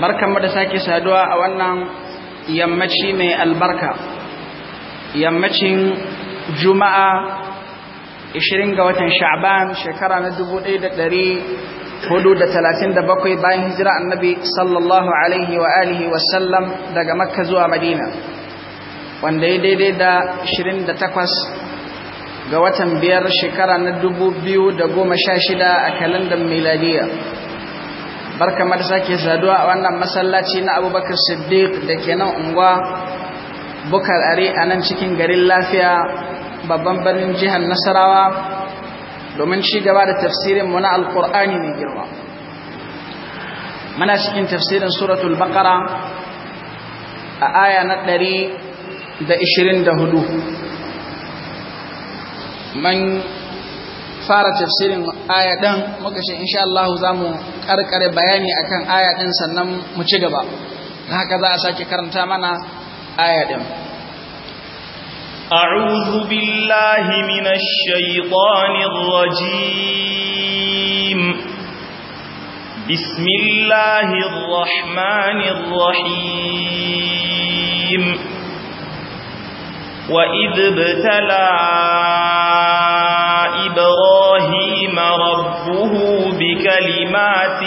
barkanmu da sake saduwa a wannan yammaci mai albarka yammacin juma'a 20 ga watan sha'ban shekara na 1437 bayan hijira annabi sallallahu alaihi wa alihi wa sallam daga makka zuwa madina wanda ya daidai da 28 ga watan biyar shekara na 2016 a kalandar miladiyya barkan da sake saduwa a wannan masallaci na abubakar siddiq da ke nan unguwa bukar are a nan cikin garin lafiya babban birnin jihar nasarawa domin ci gaba da tafsirinmu na alkur'ani mai girma muna cikin tafsirin suratul baqara a aya na ɗari da ishirin da hudu man fara tafsirin aya ɗin muka ce insha Allah za mu ƙarƙare bayani akan aya ɗin sannan mu ci gaba haka za a sake karanta mana aya ɗin أعوذ بالله من الشيطان الرجيم بسم الله الرحمن الرحيم ربه بكلمات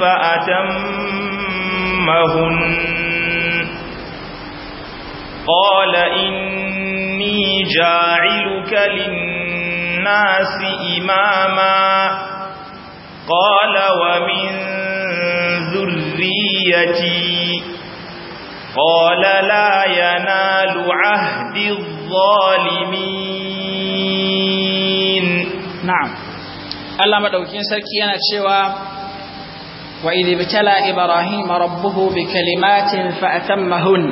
فأتمهن قال إني جاعلك للناس إماما قال ومن ذريتي قال لا ينال عهد الظالمين نعم Allah madaukakin sarki yana cewa wa idh ibtala ibrahim rabbuhu bi kalimatin fa atammahun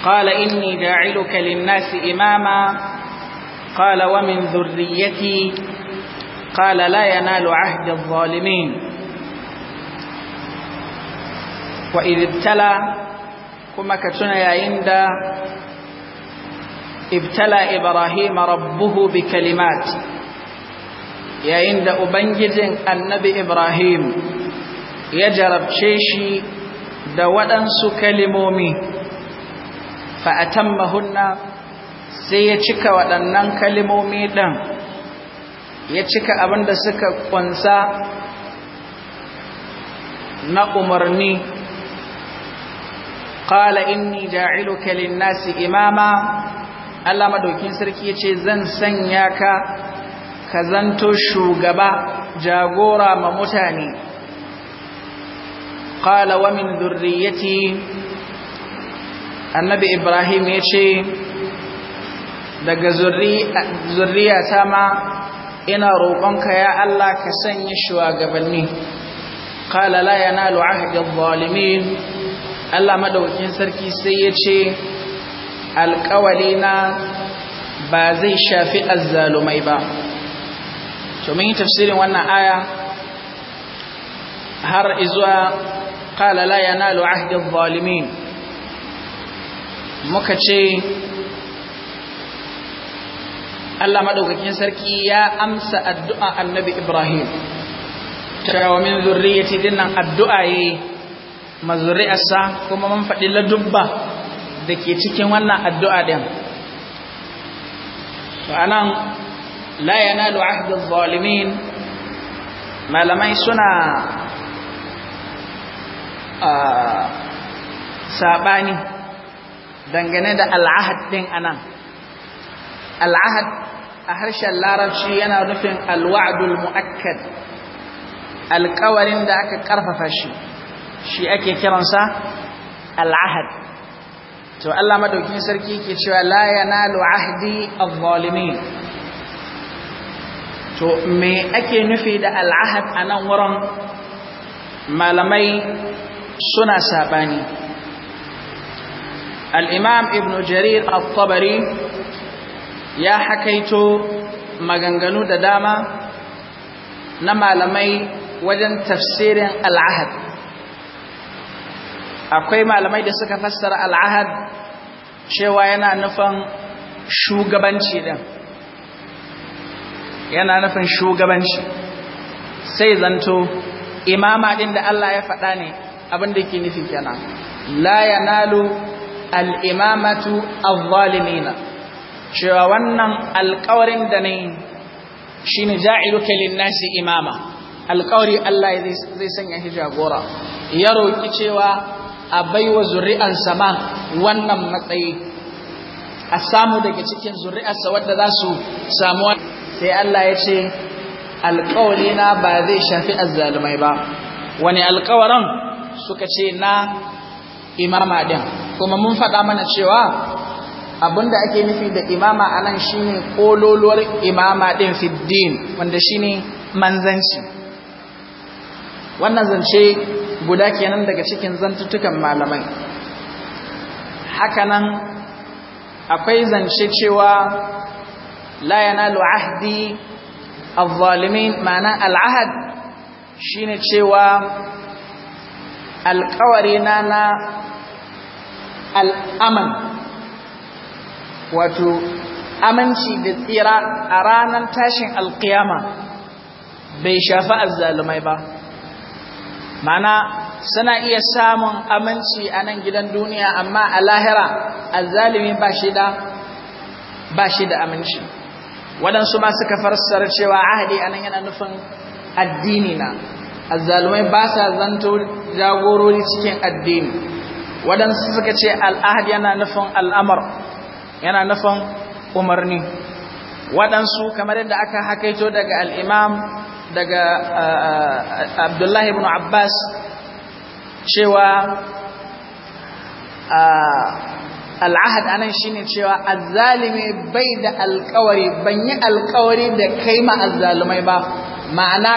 qala inni ja'iluka lin-nasi imama قال ومن ذريتي قال لا ينال عهد الظالمين وإذ ابتلى كما كتنا يا عند ابتلى إبراهيم ربه بكلمات yayin da ubangijin annabi ibrahim ya jarabce shi da waɗansu kalimomi fa'atan mahunna sai ya cika waɗannan kalimomi ɗan. ya cika abin da suka ƙunsa na umarni ƙala inni ja'iluka linnasi imama Allah madaukin sarki ce zan sanya ka ka zanto shugaba jagora ma mutane qala wa min dhurriyyati annabi ibrahim yace daga ta ma ina roƙonka ya Allah ka sanya shugabanni qala la yanalu ahdi adh Allah maɗaukin sarki sai yace alƙawalina ba zai shafi azzalumai ba to yi tafsirin wannan aya har izuwa qala la yanalu ahdi adh zalimin muka ce Allah madaukakin sarki ya amsa addu'a annabi Ibrahim cewa min zurriyati dinnan addu'a yi kuma mun faɗi ladubba da ke cikin wannan addu'a din la yanalu ahdi malamai suna saɓani dangane da al'ahad ɗin anan al'ahad a harshen larabci yana nufin alwa'adul mu'akkad alƙawarin da aka ƙarfafa shi shi ake kiransa al'ahad to Allah madaukin sarki ke cewa la yanalu ahdi adh-dhalimin to me ake nufi da al'ahad a nan wurin malamai suna saɓani al'imam ibn jarir al-tabari ya hakaito maganganu da dama na malamai wajen tafsirin al'ahad akwai malamai da suka fassara al'ahad cewa yana nufin shugabanci ɗin yana nufin shugabanci sai zanto imama din da Allah ya faɗa ne abin ke nufin kenan la yanalu al-imamatu adh-dhalimina cewa wannan alƙawarin da ne shine ja'iluka lin-nasi imama alƙawari Allah zai sanya shi jagora ya roki cewa a baiwa zuri'an sama wannan matsayi a samu daga cikin zuri'arsa wadda za su samu sai Allah ya ce na ba zai shafi azzalumai ba wani alƙawarin suka ce na imama din kuma mun faɗa mana cewa abinda ake nufi da imama anan shine kololuwar imama din fiddin wanda shine manzanci wannan zance guda kenan daga cikin zantutukan malamai hakanan akwai zance cewa la yanalu ahdi al-zalimin ma'ana al-ahad shine cewa alƙawari na na al'aman wato aminci da tsira a ranar tashin alƙiyama bai shafi azzalumai ba mana suna iya samun aminci a nan gidan duniya amma a lahira azzalumi ba shi da aminci waɗansu ma suka farsar cewa ahadi anan yana nufin addini na azzalumai ba sa zanto jagorori cikin addini waɗansu suka ce al'ahadi yana nufin al'amar yana nufin umarni waɗansu kamar yadda aka hakaito daga al'imam daga abdullahi ibn abbas cewa al'ahad anan shine cewa azzalimi bai da alƙawari ban yi alƙawari da kai ma azzalumai ba ma'ana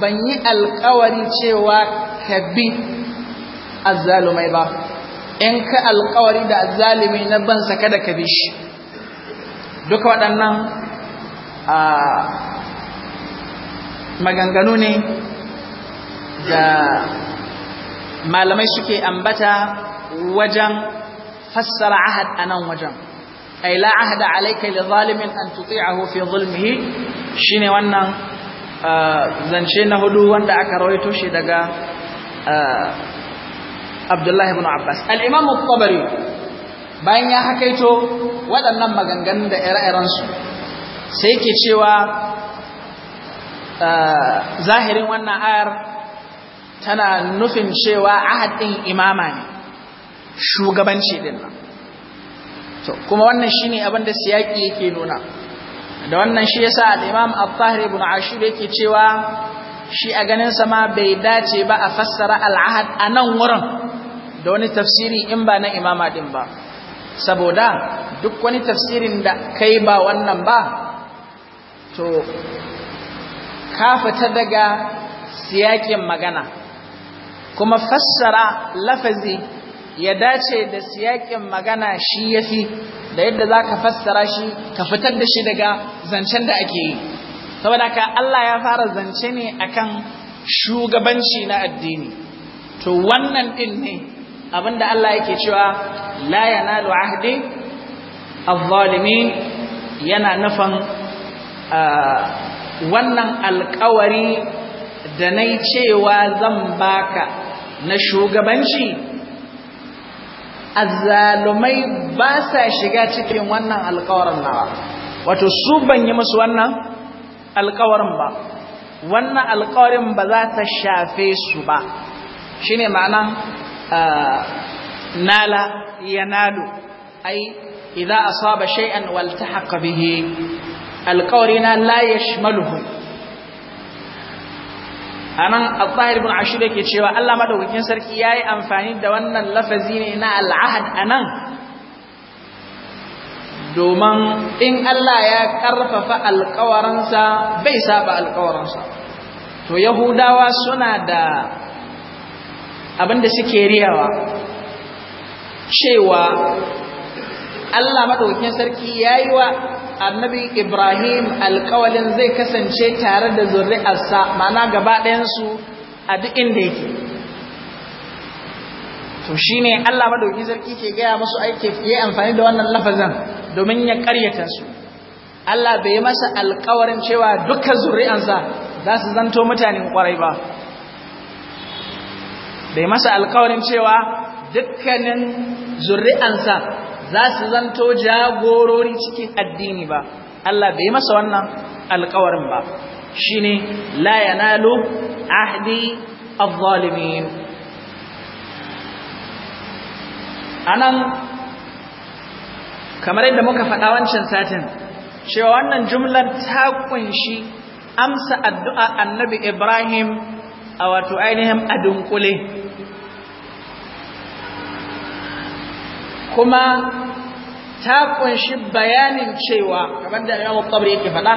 ban yi alƙawari cewa ka bi azzalumai ba in ka alƙawari da azzalimi na ban saka da ka bi shi duka waɗannan maganganu ne da malamai suke ambata wajen fassara ahad a nan wajen ay la ahada alayka li zalimin an tuti'ahu fi zulmihi shine wannan uh, zance na hudu wanda aka rawaito shi daga uh, Abdullah ibn Abbas al-Imam at bayan ya hakaito waɗannan maganganun da ire-iren su sai yake cewa uh, zahirin wannan ayar tana nufin cewa ahad ɗin imama ne shugabanci din nan to kuma wannan shine abin da siyaki yake nuna da wannan shi yasa al-Imam al ibn Ashur yake cewa shi a ganin sa ma bai dace ba a fassara al ahd a nan wurin da wani tafsiri in ba na imama din ba saboda duk wani tafsirin da kai ba wannan ba to ka fita daga siyakin magana kuma fassara lafazi ya dace da siyakin magana shi yafi da yadda za ka fassara shi ka fitar da shi daga zancen da ake yi saboda ka Allah ya fara zance ne akan shugabanci na addini to wannan din ne abinda Allah yake cewa la yanalu ahdi adh-dhalimin yana nufin wannan alƙawari da nai cewa zan baka na shugabanci azzalumai ba sa shiga cikin wannan alkawarin nawa wato su ban yi musu wannan alkawarin ba wannan alkawarin ba za ta shafe su ba shine ma'ana nala ya nalo. ai idza asaba shay'an waltahaqa bihi alkawarina la yashmaluhum anan al-zahir ibn ashur yake cewa Allah madaukakin sarki yayi amfani da wannan lafazi ne na al-ahad anan domin in Allah ya karfafa alƙawarinsa bai saba alƙawarinsa to yahudawa suna da abinda suke riyawa cewa Allah madaukakin sarki yayi wa annabi Ibrahim alƙawalin zai kasance tare da zuri'arsa mana gaba ɗayansu a duk inda yake to shine Allah madauki sarki ke gaya musu ya fiye amfani da wannan lafazan domin ya ƙaryata su Allah bai masa alƙawarin cewa duka zuri'ansa za su zanto mutane kwarai ba bai masa alkawarin cewa dukkanin zuri'ansa za su zanto jagorori cikin addini ba Allah bai masa wannan alƙawarin ba shine la yanalu ahdi adh-dhalimin anan kamar yadda muka faɗa wancan satin cewa wannan jumlar ta kunshi amsa addu'a annabi Ibrahim a wato ainihin adunkule kuma ta kunshi bayanin cewa kamar da Imam Tabari yake faɗa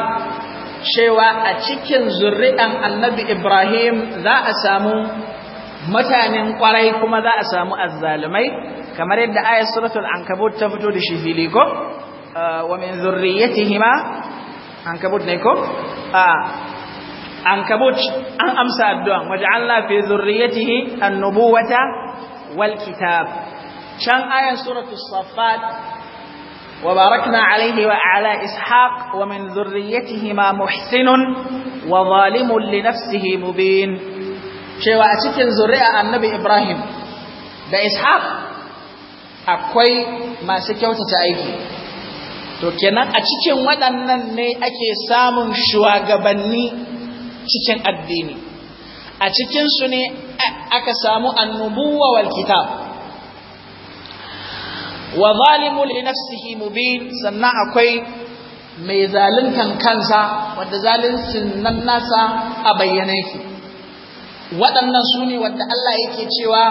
cewa a cikin zuri'an Annabi Ibrahim za a samu mutanen kwarai kuma za a samu azzalumai kamar yadda ayat suratul ankabut ta fito da shi fili ko uh, wa min zurriyatihima ankabut ne ko uh, ankabut an amsa addu'a waj'alna fi zurriyatihi an-nubuwata wal kitab can ayan suratu safat wa barakna alaihi wa ala ishaq wa min dhurriyyatihima muhsinun wa zalimun li nafsihi mubin cewa a cikin zuri'a annabi ibrahim da ishaq akwai masu kyautata aiki to kenan a cikin waɗannan ne ake samun shugabanni cikin addini a cikinsu ne aka samu annubuwa wal kitab wa zalimun li nafsihi mubin sannan akwai mai zaluntan kansa wanda zaluncin nan nasa a bayyane yake waɗannan su ne wanda Allah yake cewa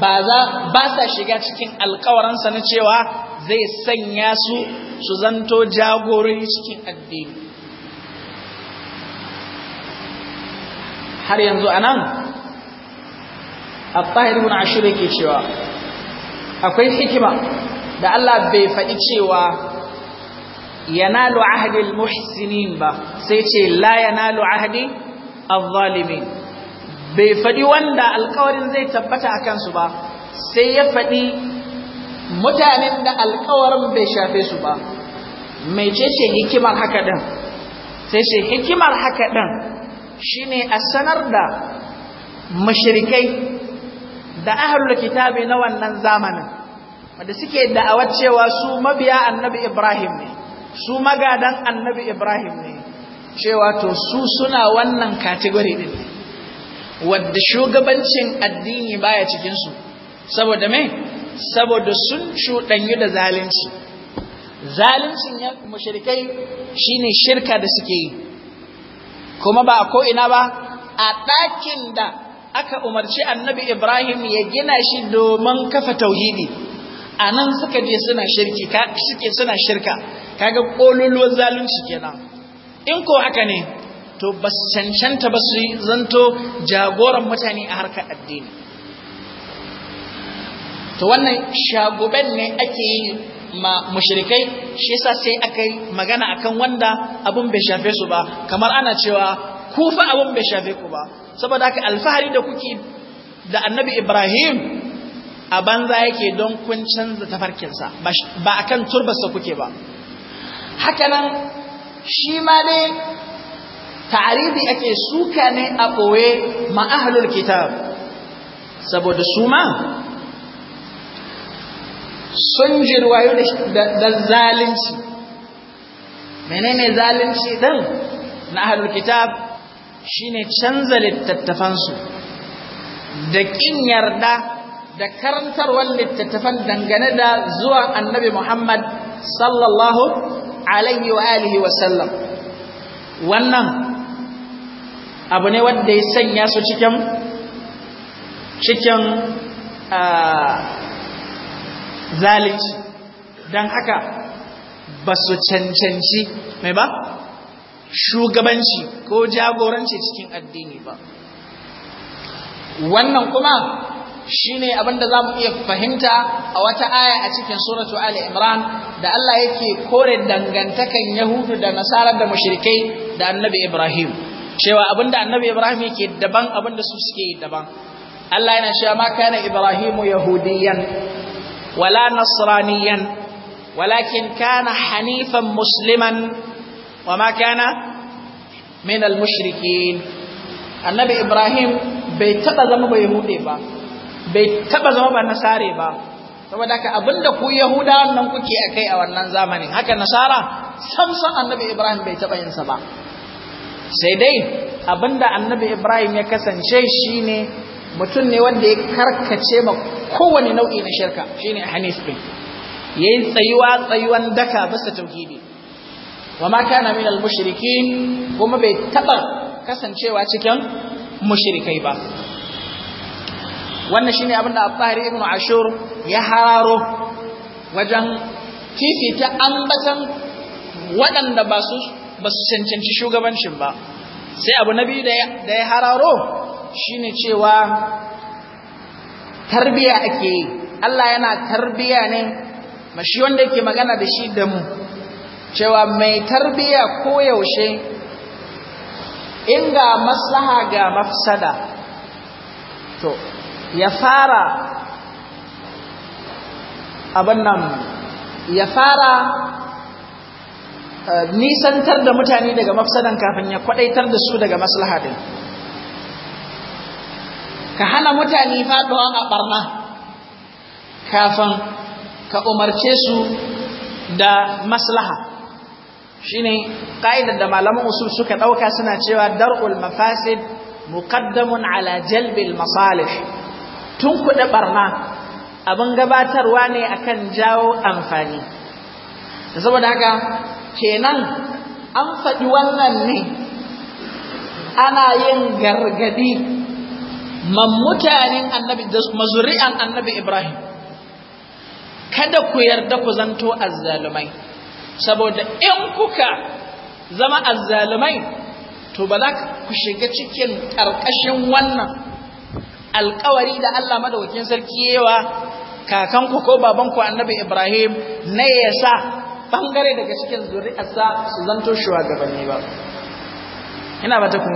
ba za ba sa shiga cikin alkawarinsa na cewa zai sanya su su zanto jagorori cikin addini har yanzu anan at-tahir ibn ashir yake cewa akwai hikima da Allah bai faɗi cewa yanalu ahdi muhsinin ba sai ce la yanalu ahdi adh-dhalimin bai faɗi wanda alƙawarin zai tabbata a kansu ba sai ya faɗi mutanen da alƙawarin bai shafe su ba mai ce ce hikimar haka ɗin sai ce hikimar haka ɗin shine a sanar da mashirikai da ahlul kitabi na wannan zamanin wanda suke da'awar cewa su mabiya annabi Ibrahim ne su magadan annabi Ibrahim ne cewa to su suna wannan category din wanda shugabancin addini baya cikin su saboda me saboda sun cuɗanyu da zalunci zaluncin ya mushrikai shine shirka da suke yi kuma ba ko ina ba a dakin da aka umarci annabi Ibrahim ya gina shi domin kafa tauhidi a nan suka je suna shirki suke suna shirka kaga ƙololuwar zalunci kenan in ko haka ne to ba su cancanta ba su zanto jagoran mutane a harkar addini to wannan shaguben ne ake yi ma mushrikai shi yasa sai aka yi magana akan wanda abun bai shafe su ba kamar ana cewa ku fa abun bai shafe ku ba saboda haka alfahari da kuke da annabi Ibrahim a banza yake don kun canza tafarkinsa ba a kan turbarsa kuke ba hakanan shi ma dai ta'aribi ake suka ne a ɓoye ma'ahalul kitab saboda su ma sun jirwayo da zalunci menene zalunci ɗin na ahalul kitab shine canza littattafansu da kin yarda da karantarwar littattafan dangane da zuwa annabi Muhammad sallallahu alaihi wa alihi wa sallam wannan abu ne wanda ya sanya su cikin cikin zalici don haka ba su cancanci mai ba shugabanci ko jagoranci cikin addini ba wannan kuma shine abin da zamu iya fahimta a wata aya a cikin suratu Ali Imran da Allah yake kore dangantakan Yahudu da Nasara da mushrikai da Annabi Ibrahim cewa abin da Annabi Ibrahim yake daban abin da su suke daban Allah yana cewa ma kana Ibrahimu yahudiyan wala nasraniyan walakin kana hanifan musliman wa ma kana min al-mushrikin Annabi Ibrahim bai taba zama bai hude ba bai taba zama ba nasare ba saboda haka abinda ku yahudawan nan kuke akai a wannan zamanin haka nasara samson annabi ibrahim bai taba yin sa ba sai dai abinda annabi ibrahim ya kasance shine mutum ne wanda ya karkace ma kowane nau'i na shirka shine hanif bin yayin tsayuwa tsayuwan daka bisa tauhidi wa ma kana min al-mushrikin kuma bai taba kasancewa cikin mushrikai ba wannan shine abin da Abdahir ibn Ashur ya hararo wajen fifita ambatan waɗanda ba su ba su cancanci shugabancin ba sai abu na biyu da ya hararo shine cewa tarbiya ake yi Allah yana tarbiya ne mashi wanda yake magana da shi da mu cewa mai tarbiya koyaushe in ga maslaha ga mafsada to ya fara abin nan ya fara eh, nisantar da mutane daga mafsadan kafin ya kwadaitar da su daga maslaha ka hana mutane faɗuwa a ɓarna kafin ka umarce su da maslaha shine ƙa'idar da malaman usul suka ɗauka suna cewa dar'ul mafasid muqaddamun ala jalbil masalih tun kuɗi ɓarna abin gabatarwa ne akan jawo amfani saboda haka kenan an faɗi wannan ne ana yin gargadi man mutanen annabi da mazuri'an annabi ibrahim kada ku yarda ku zanto azzalumai saboda in kuka zama azzalumai to ba za ku shiga cikin ƙarƙashin wannan alkawari da Allah madawakin sarki yawa kakanku ko babanku annabi Ibrahim na sa bangare daga cikin zuri'arsa su zanto shugabanni ba ina ba ta kun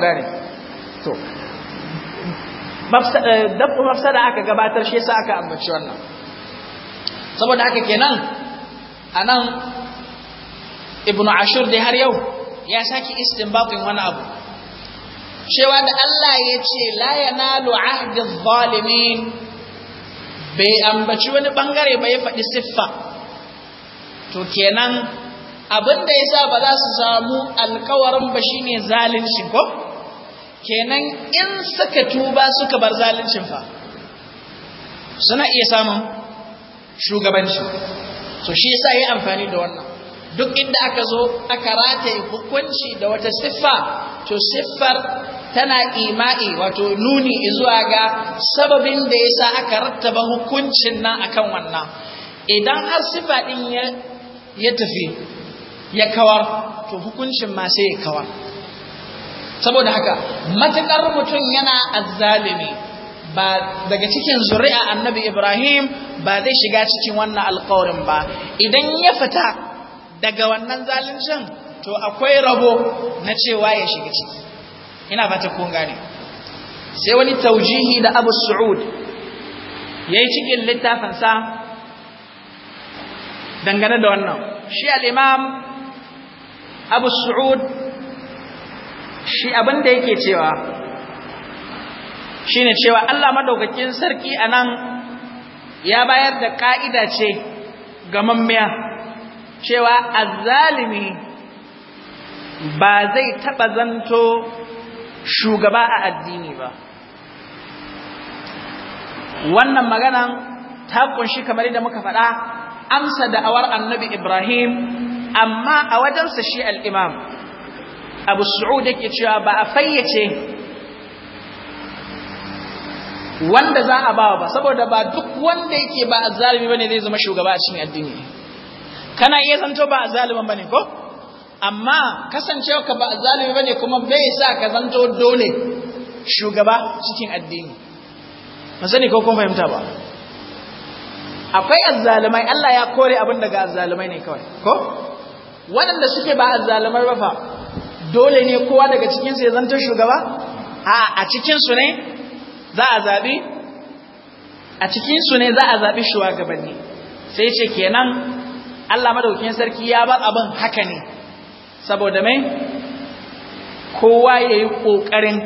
to eh, dabbu mafsada aka gabatar shi yasa aka ambaci wannan saboda haka kenan anan ibnu ashur dai har yau ya saki istinbatin wani abu cewa da Allah ya ce la yanalu ahdi zalimin bai ambaci wani bangare ba ya faɗi siffa to kenan abin da yasa ba za su samu alkawarin ba shine zalunci ko kenan in suka tuba suka bar zaluncin fa suna iya samun shugabanci so shi yasa yi amfani da wannan duk inda aka zo aka rataye hukunci da wata siffa to siffar tana ima'i wato nuni zuwa ga sababin da yasa aka rattaba hukuncin nan akan wannan idan har sifa din ya ya tafi ya kawar to hukuncin ma sai ya kawar saboda haka matakar mutum yana azzalimi ba daga cikin zuri'a annabi Ibrahim ba zai shiga cikin wannan alƙawarin ba idan ya fita daga wannan zalincin to akwai rabo na cewa ya shiga ciki ina fata kun gane sai wani taujihi da abu su'ud ya yi cikin sa dangane da wannan shi al'imam abu su'ud shi abinda yake cewa shine cewa Allah madaukakin sarki anan ya bayar da ƙa'ida ce ga mammiya cewa azzalimi ba zai taɓa zanto shugaba a addini ba wannan maganan ta kunshi kamar da muka faɗa amsa da'awar annabi Ibrahim amma a wajensa shi al'imam abu su'ud yake cewa ba a fayyace wanda za a bawa ba saboda ba duk wanda yake ba a bane zai zama shugaba a cikin addini kana iya zanto ba a ba bane ko amma kasancewa ka ba zalimi bane kuma bai sa ka zanto dole shugaba cikin addini ba sani ko kun fahimta ba akwai azzalimai Allah ya kore abin daga azzalimai ne kawai ko waɗanda suke ba azzalimai ba fa dole ne kowa daga cikin su ya zanto shugaba a a cikin su ne za a zabi a cikin su ne za a zabi shugabanni sai ce kenan Allah madaukakin sarki ya ba abin haka ne saboda mai kowa ya yi ƙoƙarin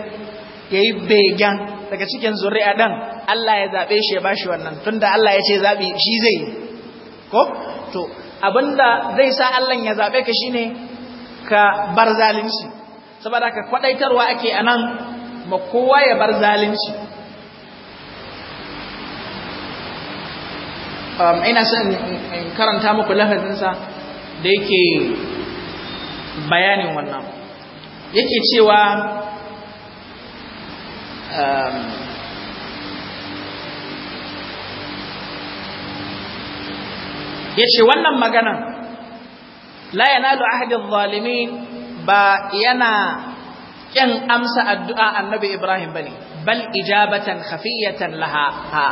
ya yi begen daga cikin zuri'a ɗan Allah ya zaɓe shi ya ba shi wannan tun da Allah ya ce zaɓi shi zai yi ko? to abinda zai sa Allah ya zaɓe ka shi ne ka bar zalunci saboda ka kwaɗaitarwa ake a nan ma kowa ya bar zalunci um, ina son karanta muku lafazinsa da yake bayanin wannan yake cewa um, ya ce wannan maganan la yanalu ahadin zalimin ba yana ƙin amsa addu'a annabi Ibrahim ba ne, bal ijabatan khafiyatan laha ha,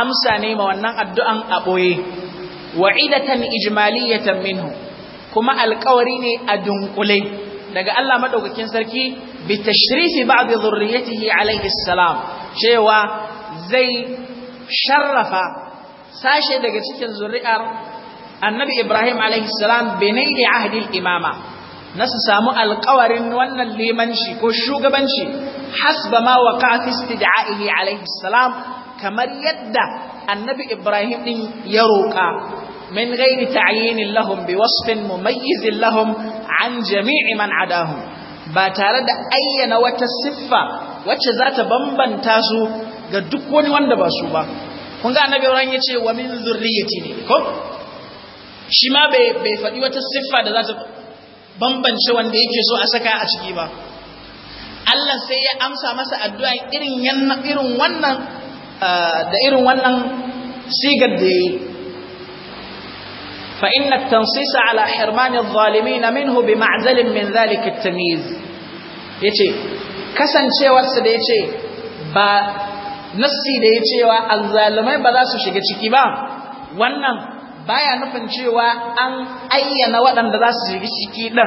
amsa ne ma wannan addu'an a ɓoye, wa'idatan ijmaliyatan minhu, kuma alƙawari ne a dunkule daga Allah madaukakin sarki bi tashrifi ba'd dhurriyyatihi alayhi salam cewa zai sharrafa sashe daga cikin zuri'ar annabi Ibrahim alayhi salam binai ahdi al-imama na samu alkawarin wannan limanci ko shugabanci hasba ma wa kafi istid'a'ihi alayhi salam kamar yadda annabi ibrahim din ya roƙa min ghairi ta'yinin lahum bi wasfin mumayyizin lahum an jami'i man ba tare da ayyana wata siffa wacce za ta bambanta su ga duk wani wanda ba su ba kun ga annabi ran ce wa min zurriyati ne ko shi ma bai faɗi wata siffa da za ta bambance wanda yake so a saka a ciki ba Allah sai ya amsa masa addu'a irin irin wannan da irin wannan sigar da yayi فإن التنصيص على حرمان الظالمين منه بمعزل من ذلك التمييز yace kasancewarsa da yace ba nassi da cewa azzalumai ba za su shiga ciki ba wannan baya nufin cewa an ayyana waɗanda za su shiga ciki din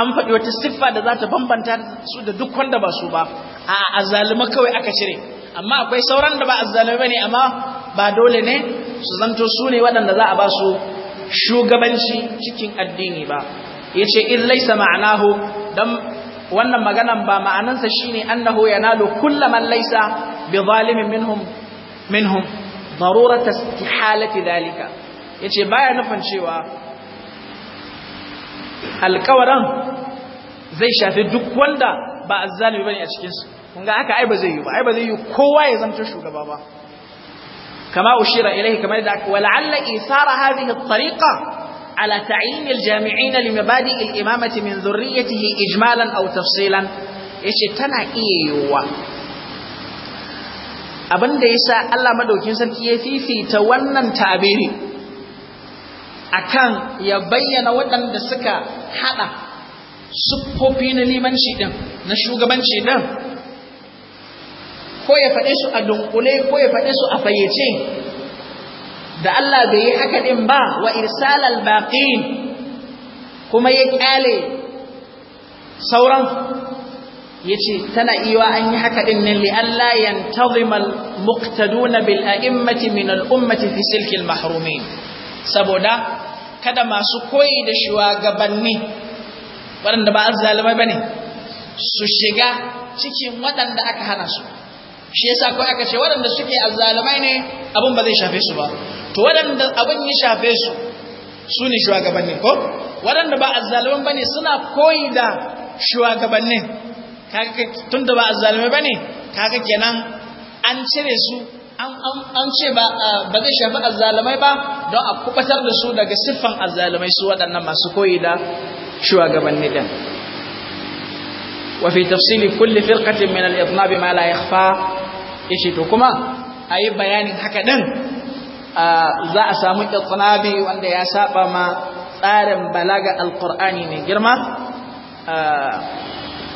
an faɗi wata siffa da za ta bambanta su da duk wanda ba su ba a azzaluma kawai aka cire amma akwai sauran da ba azzalumai ne amma ba dole ne su zanto su ne waɗanda za a ba su shugabanci cikin addini ba ya ce in laisa ma'anahu don wannan maganan ba ma'anansa shi ne annahu yanalu kulla man laisa bi zalimin minhum minhum darurata istihalati dalika ce baya nufin cewa alƙawaran zai shafi duk wanda ba azzalimi bane a cikinsu. kun ga haka ai ba zai yi ba ai ba zai yi kowa ya zanto shugaba ba كما أشير إليه كما يدعك ولعل إيثار هذه الطريقة على تعيين الجامعين لمبادئ الإمامة من ذريته إجمالا أو تفصيلا yace tana iya yiwuwa abin da ya sa Allah madaukin sarki ya fifita wannan tabiri akan ya bayyana waɗanda suka haɗa siffofi na limanci ɗin na shugabanci ɗin ko ya faɗe su a dunkule ko ya faɗe su a fayyace da Allah bai yi haka din ba wa irsalal baqin kuma ya ƙyale sauran yace tana iwa an yi haka din ne li Allah yantazimal muktaduna bil a'immati min al'ummati ummati fi silkin mahrumi saboda kada masu koyi da shugabanni waɗanda ba ba ne su shiga cikin waɗanda aka hana su shi yasa kawai aka ce waɗanda suke azzalumai ne abin ba zai shafe su ba to waɗanda abin ya shafe su su ne shugabannin ko waɗanda ba ba bane suna koyi da shugabannin tunda ba azzalumai bane kaga kenan an cire su an ce ba zai shafi azzalumai ba don a kubatar da su daga siffan azzalumai su waɗannan masu koyi da shugabanni din وفي تفصيل كل فرقة من الإطناب ما لا يخفى yace to kuma ayi bayanin haka din za a samu itnabi wanda ya saba ma tsarin balaga alqur'ani mai girma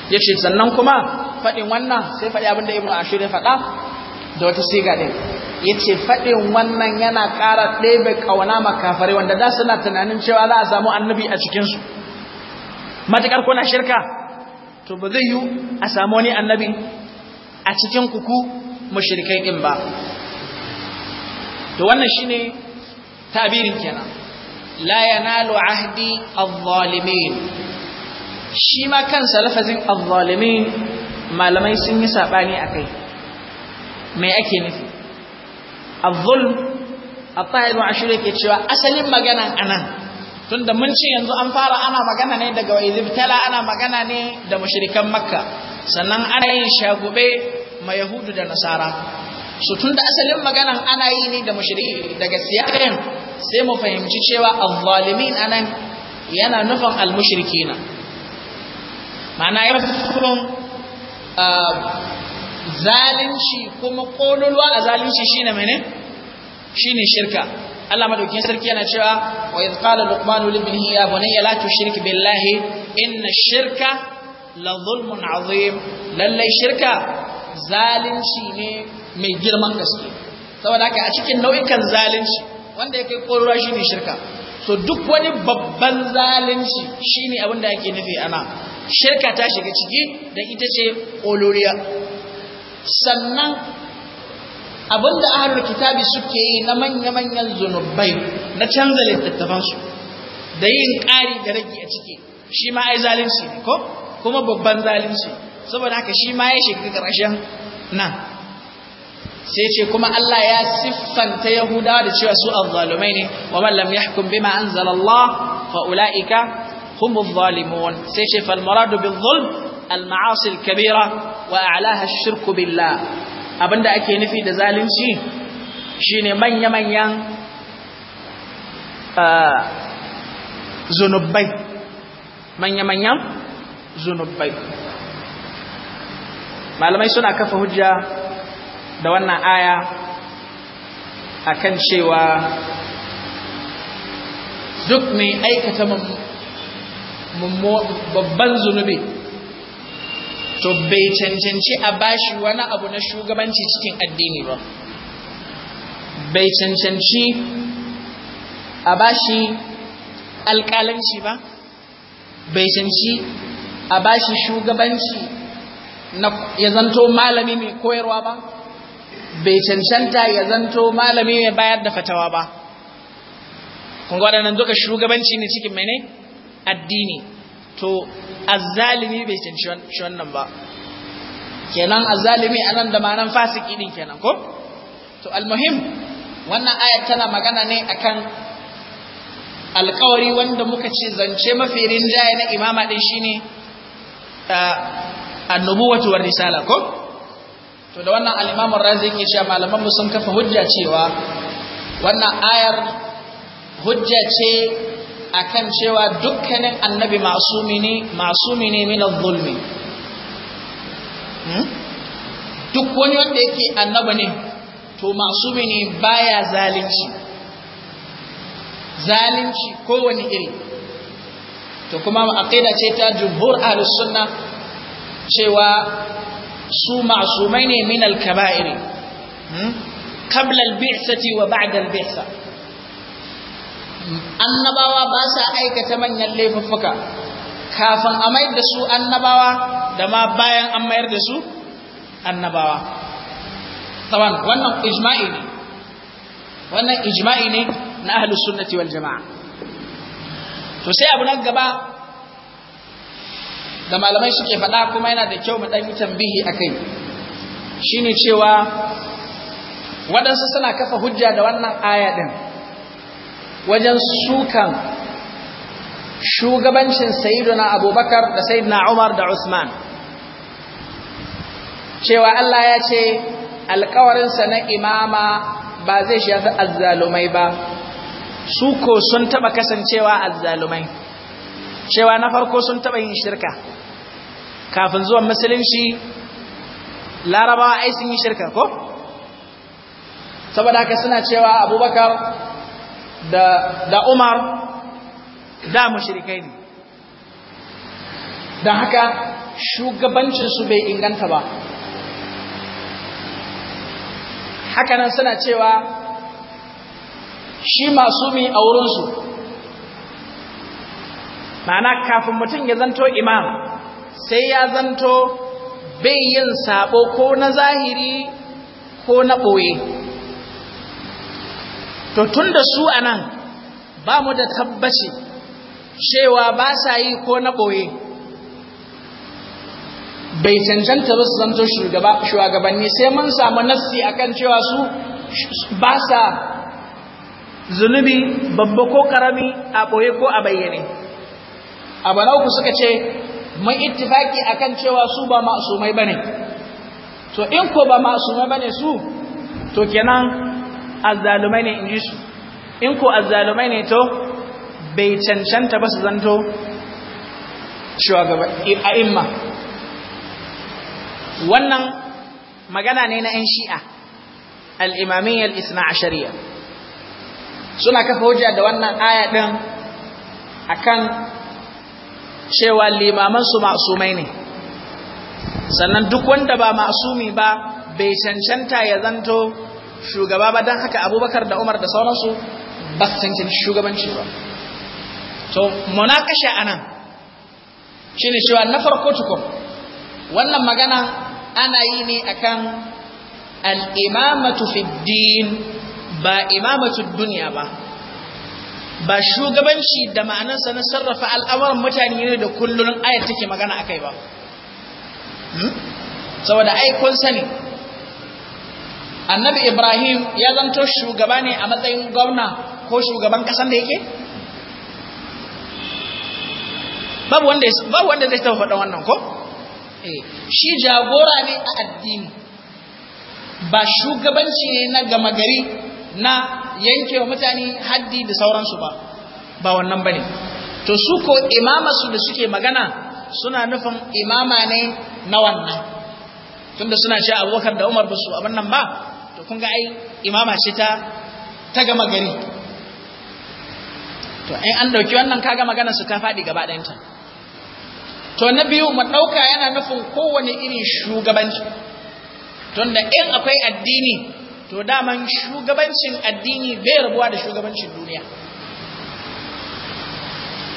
yace sannan kuma faɗin wannan sai faɗi abinda ibnu ashir ya faɗa, da wata siga din yace faɗin wannan yana ƙara ɗebe kauna makafare wanda da suna tunanin cewa za a samu annabi a cikin su matakar kuna shirka to ba zai yi a samu wani annabi a cikin kuku mushrikai ɗin ba to wannan shine tabirin kenan la yanalu ahdi al zalimin shi ma kansa lafazin al zalimin malamai sun yi sabani akai me ake nufi Abdul dhulm at-tahir ashur cewa asalin magana anan tunda mun ce yanzu an fara ana magana ne daga wa ana magana ne da mushrikan makka sannan ana yin shagube ma Yahudu da Nasara. So tun da asalin maganan ana yi ne da mushiri daga siyarin sai mu fahimci cewa al-zalimin anan yana nufin al na. Ma'ana ya kuma ah, zalunci kuma kololuwa a zalunci shine mene? ne shirka. Allah madaukin sarki yana cewa wa idh qala luqman li ibnihi ya bunayya la tushrik billahi inna shirka la zulmun azim lallai shirka zalunci ne mai girman gaske saboda haka a cikin nau'ikan zalunci wanda ya kai shi ne shirka So duk wani babban zalunci ne abin da ake nufi ana shirka ta shiga ciki da ita ce koloriya sannan abin da ahlul kitabi suke yi na manya-manyan zunubai na canza littattafansu da yin ƙari da rage a ciki shi ma ai zalunci ne ko kuma babban zalunci saboda haka shi ma ya shiga ƙarshen nan sai ce kuma Allah ya siffanta Yahudawa da cewa su azzalumai ne wa man lam yahkum bima anzala Allah fa ulaika hum adh-dhalimun sai ce fal muradu bil zulm al ma'asi al kabira wa a'laha ash-shirk billah abinda ake nufi da zalunci shine manya manyan uh, zunubai manya manyan zunubai malamai suna kafa hujja da wannan aya akan cewa duk mai aikata babban zunubi to bai cancanci a bashi wani abu na shugabanci cikin addini ba bai cancanci a bashi alkalanci ba bai cancanci a bashi shugabanci ya zanto malami mai koyarwa ba bai cancanta ya zanto malami mai bayar da fatawa ba kun waɗannan duka shugabanci ne cikin mene addini to azzalimi bai cancanci wannan ba kenan azzalimi anan da manan fasiki din kenan ko to almuhim wannan ayat tana magana ne akan alkawari wanda muka ce zance mafi rinjaye na imama din shine ah, annubuwatu war risala ko to da wannan al-Imam Razi yake cewa malaman mu sun kafa hujja cewa wannan ayar hujja ce akan cewa dukkanin annabi masumi ne masumi ne min zulmi hmm? duk wani wanda yake annaba ne to masumi ne baya zalunci zalunci kowane iri to kuma aqida ce ta jumhur ahlus sunna cewa su ma'asumai ne min al-kaba'iri hmm? qabla al wa ba'da al annabawa ba sa aikata manyan laifuffuka kafin a mayar da su annabawa da ma bayan an mayar da su annabawa tawan wannan ijma'i ne wannan ijma'i ne na ahlus sunnati wal jama'a to sai abu nan gaba da malamai suke faɗa kuma yana da kyau mu ɗan yi tambihi a kai shine cewa waɗansu suna kafa hujja da wannan aya ɗin wajen sukan shugabancin sayiduna abubakar da sayiduna umar da usman cewa allah ya ce alkawarinsa na imama ba zai shafi azzalumai ba suko ko sun taɓa kasancewa azzalumai cewa na farko sun taɓa yin shirka kafin zuwan musulunci larabawa ai sun yi shirka ko saboda haka suna cewa abubakar da da umar da mushrikai ne don haka shugabancinsu bai inganta ba hakanan suna cewa shi masumi a wurinsu ma'ana kafin mutum ya zanto imam sai ya zanto bai yin sabo ko na zahiri ko na ɓoye to tun da su a nan ba mu da tabbaci cewa ba sa yi ko na ɓoye bai cancanta ba su zanto shugabanni sai mun samu nassi akan cewa su ba sa zunubi babba ko karami a ɓoye ko a bayyane abu uku suka ce mun ittifaki akan cewa su ba masumai bane to in ko ba masumai bane su to kenan azzalumai ne in su in ko azzalumai ne to bai cancanta ba su zanto shugaba a imma wannan magana ne na 'yan shi'a al'imamiyyar isna a shari'a suna kafa hujja da wannan aya ɗin akan cewa limamansu su masumai ne sannan duk wanda ba masumi ba bai cancanta ya zanto shugaba ba don haka abubakar da umar da sauransu ba su cancanci shugabanci ba to munakasha anan shine cewa na farko tukun wannan magana ana yi ne akan al-imamatu ba imamatu duniya ba ba shugabanci da ma'anarsa na sarrafa al'amuran mutane ne da kullun ayar take magana akai ba hmm? saboda ai kun sani annabi ibrahim ya zanto shugaba ne a matsayin gwamna ko shugaban kasan da yake babu wanda babu wanda zai taba faɗa wannan ko eh, shi jagora ne a addini ba shugabanci ne na gama gari na Yanke wa mutane haddi da sauransu ba ba wannan bane to su ko imama su da suke magana suna nufin imama ne na wannan tunda suna sha abubakar da umar basu abin nan ba to kun ga ai imama ce ta ta gama gari to in an dauki wannan kaga maganar su ta faɗi gaba ɗayanta to na biyu mu ɗauka yana nufin kowane irin shugabanci tunda in akwai addini to daman shugabancin addini bai rabuwa da shugabancin duniya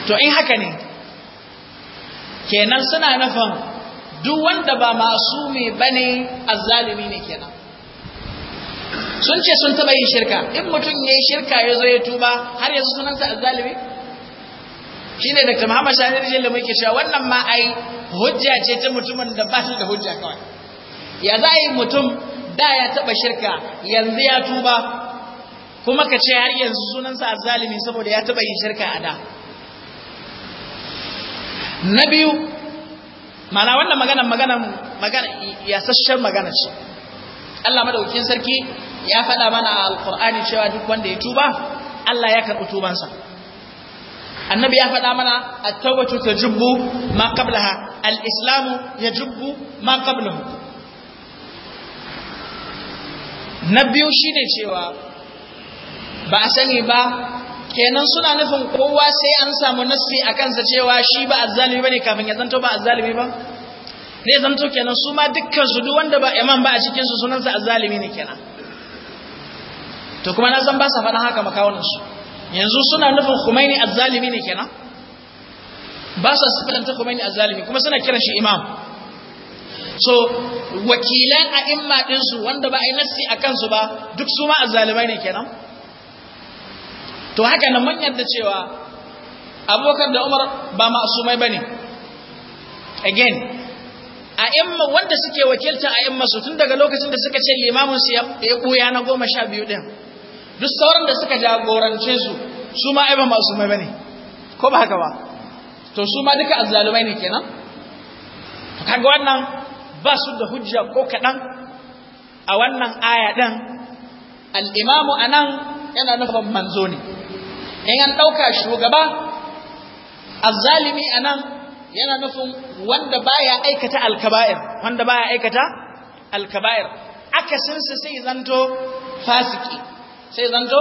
to in haka ne kenan suna nufin duk wanda ba masu mai bane azzalimi ne kenan sun ce sun taɓa yin shirka in mutum ya yi shirka ya zo ya tuba har yanzu sunansa azzalimi shi ne da kama hama shahadar jalla da muke cewa wannan ma ai hujja ce ta mutumin da ba da hujja kawai ya za a yi mutum da ya taba shirka yanzu ya tuba kuma ka ce har yanzu sunansa azzalimi saboda ya taba yin shirka a da na biyu mana wannan magana magana magana yasasshen magana ce Allah madaukakin sarki ya faɗa mana a alqur'ani cewa duk wanda ya tuba Allah ya karɓi tubansa annabi ya faɗa mana at-tawbatu tajubbu ma qablaha al-islamu yajubbu ma qablahu na biyu shi ne cewa ba a sani ba kenan suna nufin kowa sai an samu nasi a kansa cewa shi ba a ba ne kafin ya zanto ba a zalimi ba ne zanto kenan su ma dukkan su duk wanda ba imam ba a cikin su a zalimi ne kenan to kuma na san ba sa faɗa haka makawunan su yanzu suna nufin a zalimi ne kenan ba sa sifanta a zalimi? kuma suna kiran shi imam so wakilan a din ɗinsu wanda ba a yi nassi a kansu ba duk su ma azzalimai ne kenan to haka nan mun da cewa abokan da umar ba ma'asumai ba ne again imma wanda suke wakilta imma su tun daga lokacin da suka ce limamin su ya ɓuya na goma sha biyu ɗin duk sauran da suka jagorance su su ma ai ba ma'asumai ba ne ko ba haka ba to su ma duka azzalumai ne kenan kaga wannan ba su da hujja ko kaɗan a wannan aya ɗin al'imamu a nan yana nufin manzo ne in an ɗauka shugaba azzalimi a nan yana nufin wanda baya aikata alkaba'ir wanda baya aikata alkaba'ir akasinsa sai zanto fasiki sai zanto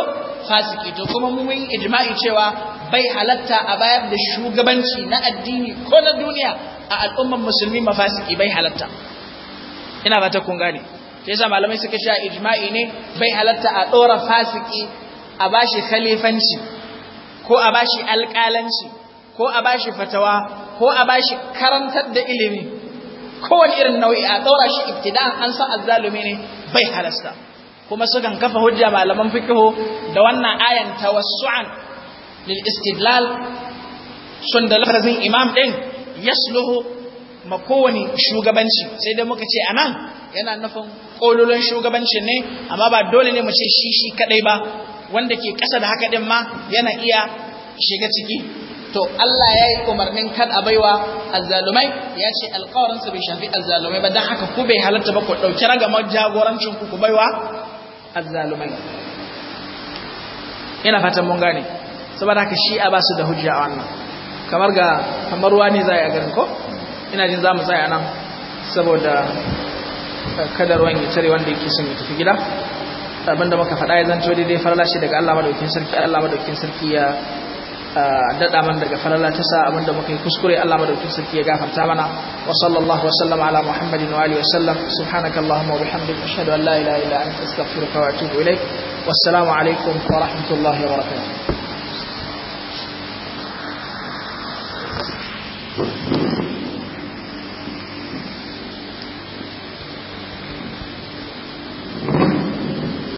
fasiki to kuma mun ijma'i cewa bai halatta a bayar da shugabanci na addini ko na duniya a al'umman musulmi mafasiki bai halatta ina ba ta kun gane sai yasa malamai suka sha ijma'i ne bai halatta a dora fasiki a bashi khalifanci ko a bashi alƙalanci ko a bashi fatawa ko a bashi karantar da ilimi kowane irin nau'i a dora shi ibtida'an an san azzalumi ne bai halasta kuma sukan kafa hujja malaman fiqhu da wannan ayan tawassu'an lil istidlal sun da lafazin imam din yasluhu ma kowane shugabanci sai dai muka ce anan yana nufin kololon shugabanci ne amma ba dole ne mu ce shi shi kadai ba wanda ke kasa da haka din ma yana iya shiga ciki to Allah ya yi umarnin kan a baiwa azzalumai ya ce su bai shafi azzalumai ba don haka ku bai halatta ba ku ɗauki ragamar jagorancin ku ku baiwa azzalumai ina fatan mun gane saboda haka shi'a ba su da hujja a wannan kamar ga kamar ruwa ne za a garin ko ina jin za mu tsaya nan saboda eh, kada ruwan ya tare wanda yake son ya tafi gida abinda muka faɗa ya zanto daidai dai shi daga Allah madaukin sarki Allah madaukin sarki ya eh, daɗa man daga farala ta sa abinda muka yi kuskure Allah madaukin sarki ya gafarta mana wa sallallahu wa sallama ala muhammadin wa alihi wa sallam subhanakallahumma wa bihamdika ashhadu an la ilaha illa anta astaghfiruka wa atubu ilaik wassalamu alaikum wa rahmatullahi wa barakatuh せの。